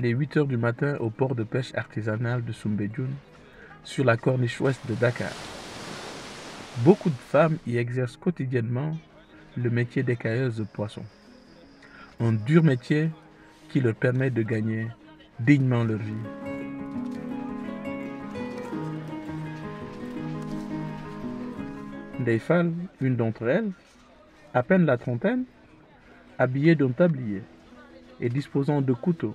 les 8 heures du matin au port de pêche artisanal de Sumbedjoun, sur la corniche ouest de Dakar. Beaucoup de femmes y exercent quotidiennement le métier d'écailleuse de poissons. Un dur métier qui leur permet de gagner dignement leur vie. femmes, une d'entre elles, à peine la trentaine, habillée d'un tablier et disposant de couteaux,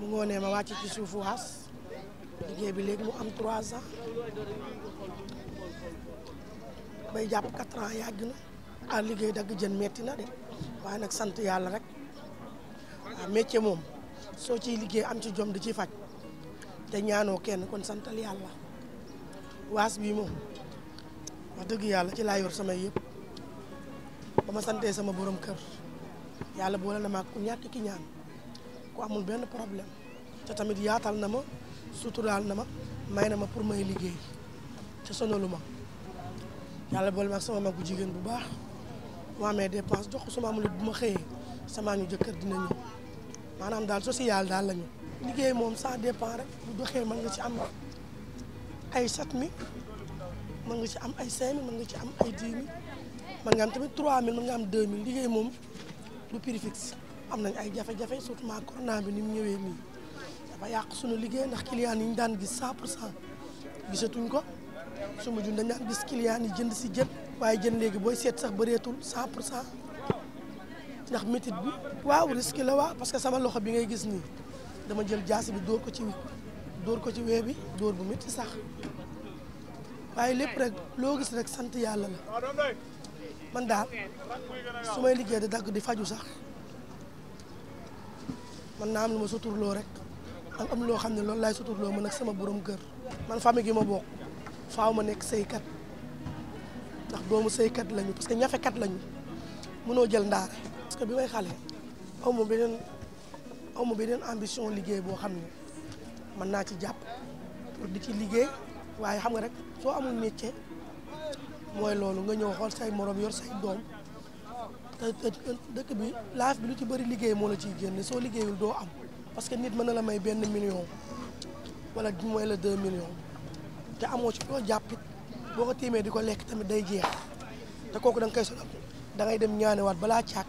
mu ngoonee ma wàcc ci suufu waas liggéey bi léegi mu am trois ans bay jàpp quatre ans yàgg na ah liggéey dagg jën metti na de waaye nag sant yàlla rek waaw moom soo ciy liggéey am ci jom di ci faj te ñaanoo kenn kon santal yàlla waas bi moom wax dëgg yàlla ci laa yor sama yëpp ba ma santee sama borom kër yàlla boole na ma ku ñàkk ki ñaan ku amul benn problème te tamit yaatal na ma surtout daal na ma may na ma pour may liggéey te lu ma yàlla boole ma ak sama mag bu jigéen bu baax mu amee dépense jox ko su ma amul bu ma xëyee sama ñu jëkkër dina ñëw maanaam daal social daal lañu liggéey moom sans dépend rek bu doxee mën nga ci am ay sept mi mën nga ci am ay cinq mille mën nga ci am ay dix mille tamit trois mille mën nga am deux mille liggéey moom du prix am nañ ay jafe-jafe surtout corona bi ni mu ñëwee nii dafa yàq suñu liggéey ndax client yi ñu daan gis 100 pour cent gisatuñ ko su ma jun dañ daan gis client yi jënd si jën waaye jën léegi booy seet sax bareetul 100 pour cent ndax métit bi waaw risque la waaw parce que sama loxo bi ngay gis nii dama jël jaasi bi dóor ko ci dóor ko ci wee bi dóor bu métti sax waaye lépp rek loo gis rek sant yàlla la man daal su may liggéey di dagg di faju sax man naa am lu ma suturloo rek am am loo xam ne loolu laay suturloo man ak sama borom kër man famille gi ma bokk faaw ma nekk sëykat ndax doomu sëykat lañu parce que ñafekat lañu mënoo jël ndaa parce que bi may xale aw ma beneen aw ma beneen ambition liggéey boo xam ne mën naa ci jàpp pour di ci liggéey waaye xam nga rek soo amul métier mooy loolu nga ñëw xool say morom yor say doom te dëkk bi laaf bi lu ci bari liggéey moo la ciy génn soo liggéeyul doo am parce que nit mën na la may benn million wala du mooy la deux millions te amoo ci loo jàppit boo ko téemee di ko lekk tamit day jeex te kooku da nga koy dem ñaanewaat balaa caag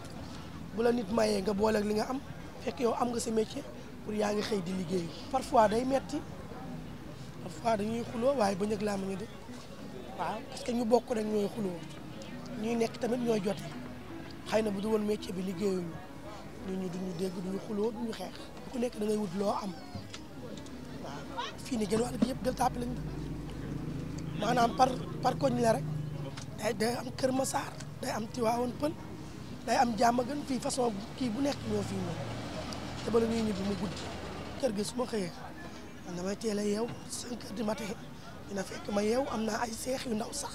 bu la nit mayee nga booleek li nga am fekk yow am nga si métier pour yaa ngi xëy di liggéey parfois day metti parfois dañuy xuloo waaye ba ñëg laa ma ñu de waaw parce ñu bokk rek ñooy xuloo ñuy nekk tamit ñooy jote xëy bu doon woon métier bi liggéeyuñu ñu ñu duñu dégg duñu xuloo duñu xeex ku nekk da ngay wut loo am waaw fii ni jëlu wàll yëpp del tàppi lañ maanaam par par koñ la rek day day am Kër Massar day am Tiwaawoon Pël day am jàmma gën fii façon kii bu nekk ñoo fii ñëw te la ñuy ñibbi mu gudd kër gi su ma xëyee man damay teel a yeew 5 heures du matin dina fekk ma yeew am naa ay seex yu ndaw sax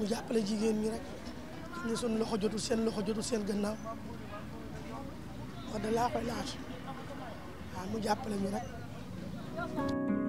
ñu jàppale jigéen ñi rek ñu suñu loxo jotul seen loxo jotul seen gannaaw wax da laa koy laaj mu jàppale ñu rek